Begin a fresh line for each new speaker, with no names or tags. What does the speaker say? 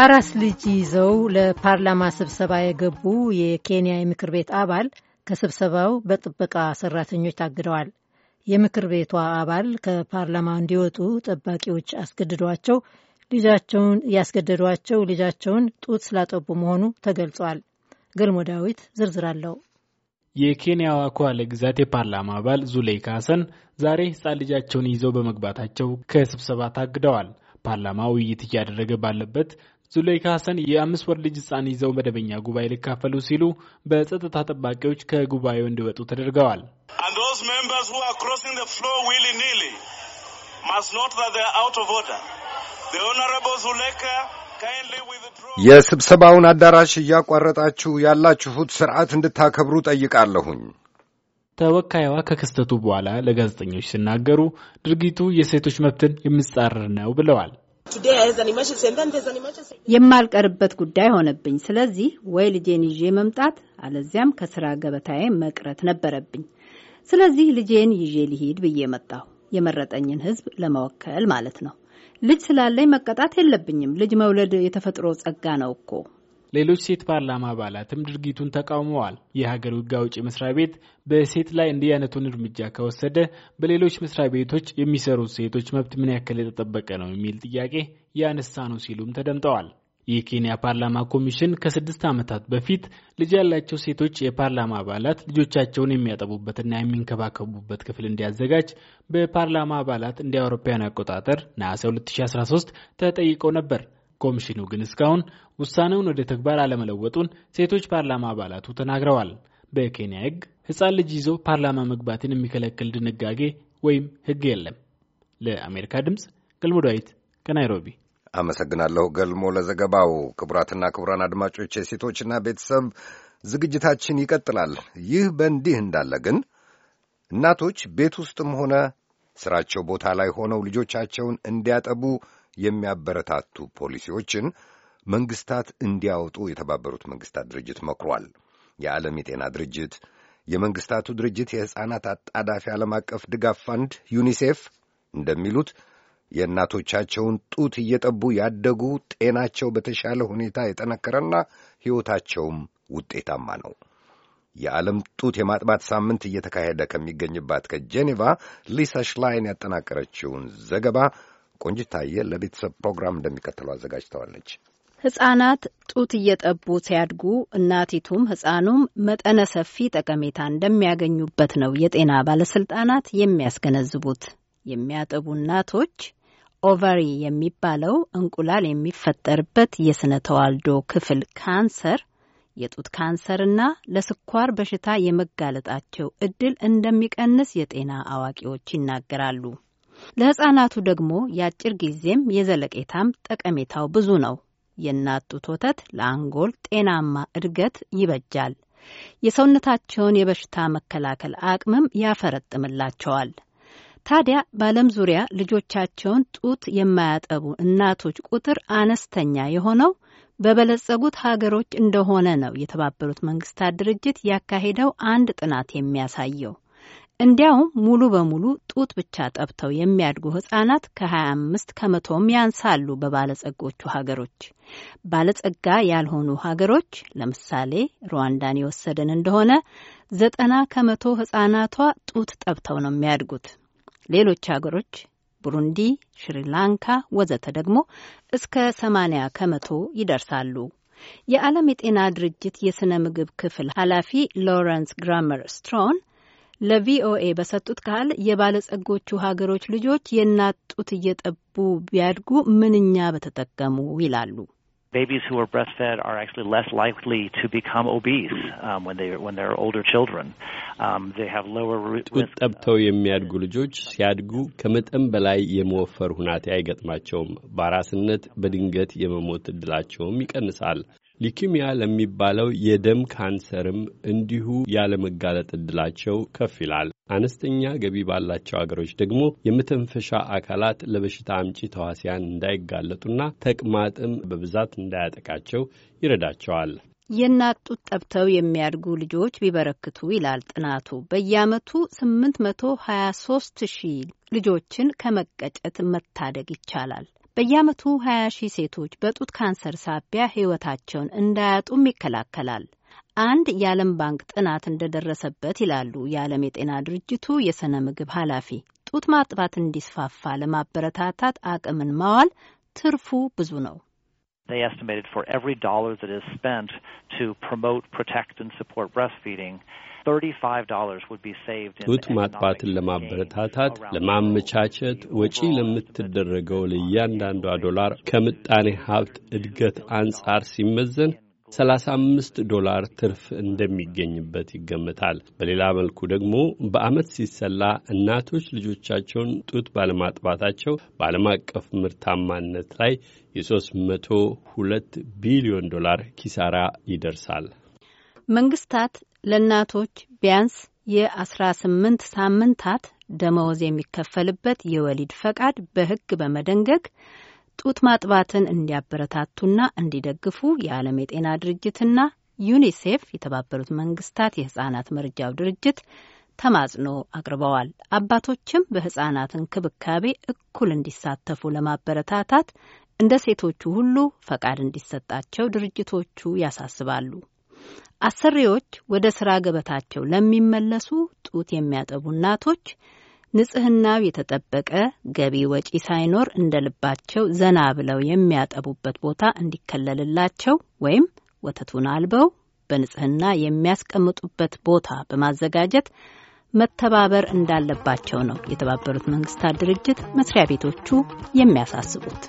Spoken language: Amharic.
አራስ ልጅ ይዘው ለፓርላማ ስብሰባ የገቡ የኬንያ የምክር ቤት አባል ከስብሰባው በጥበቃ ሰራተኞች ታግደዋል። የምክር ቤቷ አባል ከፓርላማ እንዲወጡ ጠባቂዎች አስገድዷቸው ልጃቸውን ያስገደዷቸው ልጃቸውን ጡት ስላጠቡ መሆኑ ተገልጿል። ገልሞ ዳዊት ዝርዝር አለው።
የኬንያዋ ኳለ ግዛት የፓርላማ አባል ዙሌይካ ሀሰን ዛሬ ህፃን ልጃቸውን ይዘው በመግባታቸው ከስብሰባ ታግደዋል። ፓርላማ ውይይት እያደረገ ባለበት ዙሌይካ ሀሰን የአምስት ወር ልጅ ህፃን ይዘው መደበኛ ጉባኤ ሊካፈሉ ሲሉ በጸጥታ ጠባቂዎች ከጉባኤው እንዲወጡ ተደርገዋል።
የስብሰባውን አዳራሽ እያቋረጣችሁ ያላችሁት ስርዓት እንድታከብሩ ጠይቃለሁኝ።
ተወካይዋ ከክስተቱ በኋላ ለጋዜጠኞች ሲናገሩ ድርጊቱ የሴቶች መብትን የሚጻረር ነው ብለዋል።
የማልቀርበት ጉዳይ ሆነብኝ። ስለዚህ ወይ ልጄን ይዤ መምጣት አለዚያም ከስራ ገበታዬ መቅረት ነበረብኝ። ስለዚህ ልጄን ይዤ ሊሄድ ብዬ መጣሁ። የመረጠኝን ህዝብ ለመወከል ማለት ነው። ልጅ ስላለኝ መቀጣት የለብኝም። ልጅ መውለድ የተፈጥሮ ጸጋ ነው እኮ
ሌሎች ሴት ፓርላማ አባላትም ድርጊቱን ተቃውመዋል። የሀገር ውጋ ውጭ መስሪያ ቤት በሴት ላይ እንዲህ አይነቱን እርምጃ ከወሰደ በሌሎች መስሪያ ቤቶች የሚሰሩት ሴቶች መብት ምን ያክል የተጠበቀ ነው የሚል ጥያቄ ያነሳ ነው ሲሉም ተደምጠዋል። የኬንያ ፓርላማ ኮሚሽን ከስድስት ዓመታት በፊት ልጅ ያላቸው ሴቶች የፓርላማ አባላት ልጆቻቸውን የሚያጠቡበትና የሚንከባከቡበት ክፍል እንዲያዘጋጅ በፓርላማ አባላት እንደ አውሮፓውያን አቆጣጠር ነሐሴ 2013 ተጠይቀው ነበር። ኮሚሽኑ ግን እስካሁን ውሳኔውን ወደ ተግባር አለመለወጡን ሴቶች ፓርላማ አባላቱ ተናግረዋል። በኬንያ ሕግ ሕፃን ልጅ ይዞ ፓርላማ መግባትን የሚከለክል ድንጋጌ ወይም ሕግ የለም። ለአሜሪካ ድምፅ ገልሞ ዳዊት ከናይሮቢ
አመሰግናለሁ። ገልሞ ለዘገባው። ክቡራትና ክቡራን አድማጮች የሴቶችና ቤተሰብ ዝግጅታችን ይቀጥላል። ይህ በእንዲህ እንዳለ ግን እናቶች ቤት ውስጥም ሆነ ስራቸው ቦታ ላይ ሆነው ልጆቻቸውን እንዲያጠቡ የሚያበረታቱ ፖሊሲዎችን መንግስታት እንዲያወጡ የተባበሩት መንግስታት ድርጅት መክሯል። የዓለም የጤና ድርጅት፣ የመንግስታቱ ድርጅት የሕፃናት አጣዳፊ ዓለም አቀፍ ድጋፍ ፋንድ ዩኒሴፍ እንደሚሉት የእናቶቻቸውን ጡት እየጠቡ ያደጉ ጤናቸው በተሻለ ሁኔታ የጠነከረና ሕይወታቸውም ውጤታማ ነው። የዓለም ጡት የማጥባት ሳምንት እየተካሄደ ከሚገኝባት ከጄኔቫ ሊሳ ሽላይን ያጠናቀረችውን ዘገባ ቆንጅታየ ለቤተሰብ ፕሮግራም እንደሚከተለው አዘጋጅተዋለች።
ህጻናት ጡት እየጠቡ ሲያድጉ እናቲቱም ህጻኑም መጠነ ሰፊ ጠቀሜታ እንደሚያገኙበት ነው የጤና ባለስልጣናት የሚያስገነዝቡት። የሚያጠቡ እናቶች ኦቨሪ የሚባለው እንቁላል የሚፈጠርበት የስነ ተዋልዶ ክፍል ካንሰር፣ የጡት ካንሰርና ለስኳር በሽታ የመጋለጣቸው እድል እንደሚቀንስ የጤና አዋቂዎች ይናገራሉ። ለሕፃናቱ ደግሞ የአጭር ጊዜም የዘለቄታም ጠቀሜታው ብዙ ነው። የእናት ጡት ወተት ለአንጎል ጤናማ እድገት ይበጃል። የሰውነታቸውን የበሽታ መከላከል አቅምም ያፈረጥምላቸዋል። ታዲያ በዓለም ዙሪያ ልጆቻቸውን ጡት የማያጠቡ እናቶች ቁጥር አነስተኛ የሆነው በበለጸጉት ሀገሮች እንደሆነ ነው የተባበሩት መንግስታት ድርጅት ያካሄደው አንድ ጥናት የሚያሳየው። እንዲያውም ሙሉ በሙሉ ጡት ብቻ ጠብተው የሚያድጉ ህጻናት ከ25 ከመቶም ያንሳሉ በባለጸጎቹ ሀገሮች። ባለጸጋ ያልሆኑ ሀገሮች ለምሳሌ ሩዋንዳን የወሰድን እንደሆነ ዘጠና ከመቶ ህጻናቷ ጡት ጠብተው ነው የሚያድጉት። ሌሎች ሀገሮች ቡሩንዲ፣ ሽሪላንካ ወዘተ ደግሞ እስከ 80 ከመቶ ይደርሳሉ። የዓለም የጤና ድርጅት የሥነ ምግብ ክፍል ኃላፊ ሎረንስ ግራመር ስትሮን ለቪኦኤ በሰጡት ቃል የባለጸጎቹ ሀገሮች ልጆች የእናት ጡት እየጠቡ ቢያድጉ ምንኛ በተጠቀሙ ይላሉ።
Babies who are breastfed are actually less likely to become obese um, when they when they're older children. Um, they have lower risk. Uh, ጡት ጠብተው የሚያድጉ ልጆች ሲያድጉ ከመጠን በላይ የመወፈር ሁናቴ አይገጥማቸውም። በአራስነት በድንገት የመሞት እድላቸውም ይቀንሳል። ሊኪሚያ ለሚባለው የደም ካንሰርም እንዲሁ ያለመጋለጥ እድላቸው ከፍ ይላል። አነስተኛ ገቢ ባላቸው አገሮች ደግሞ የመተንፈሻ አካላት ለበሽታ አምጪ ተዋሲያን እንዳይጋለጡና ተቅማጥም በብዛት እንዳያጠቃቸው ይረዳቸዋል።
የእናት ጠብተው የሚያድጉ ልጆች ቢበረክቱ ይላል ጥናቱ በየዓመቱ 823 ሺህ ልጆችን ከመቀጨት መታደግ ይቻላል። በየዓመቱ 20 ሺህ ሴቶች በጡት ካንሰር ሳቢያ ሕይወታቸውን እንዳያጡም ይከላከላል። አንድ የዓለም ባንክ ጥናት እንደደረሰበት ይላሉ የዓለም የጤና ድርጅቱ የሥነ ምግብ ኃላፊ። ጡት ማጥባት እንዲስፋፋ ለማበረታታት አቅምን ማዋል ትርፉ ብዙ ነው። They
estimated for every dollar that is spent to promote, protect, and support breastfeeding, ጡት ማጥባትን ለማበረታታት ለማመቻቸት ወጪ ለምትደረገው ለእያንዳንዷ ዶላር ከምጣኔ ሀብት እድገት አንጻር ሲመዘን 35 ዶላር ትርፍ እንደሚገኝበት ይገምታል። በሌላ መልኩ ደግሞ በዓመት ሲሰላ እናቶች ልጆቻቸውን ጡት ባለማጥባታቸው በዓለም አቀፍ ምርታማነት ላይ የ302 ቢሊዮን ዶላር ኪሳራ ይደርሳል።
መንግስታት ለእናቶች ቢያንስ የ18 ሳምንታት ደመወዝ የሚከፈልበት የወሊድ ፈቃድ በሕግ በመደንገግ ጡት ማጥባትን እንዲያበረታቱና እንዲደግፉ የዓለም የጤና ድርጅትና ዩኒሴፍ የተባበሩት መንግስታት የሕፃናት መርጃው ድርጅት ተማጽኖ አቅርበዋል። አባቶችም በሕፃናት እንክብካቤ እኩል እንዲሳተፉ ለማበረታታት እንደ ሴቶቹ ሁሉ ፈቃድ እንዲሰጣቸው ድርጅቶቹ ያሳስባሉ። አሰሪዎች ወደ ስራ ገበታቸው ለሚመለሱ ጡት የሚያጠቡ እናቶች ንጽህናው የተጠበቀ ገቢ ወጪ ሳይኖር እንደ ልባቸው ዘና ብለው የሚያጠቡበት ቦታ እንዲከለልላቸው ወይም ወተቱን አልበው በንጽህና የሚያስቀምጡበት ቦታ በማዘጋጀት መተባበር እንዳለባቸው ነው የተባበሩት መንግስታት ድርጅት መስሪያ ቤቶቹ የሚያሳስቡት።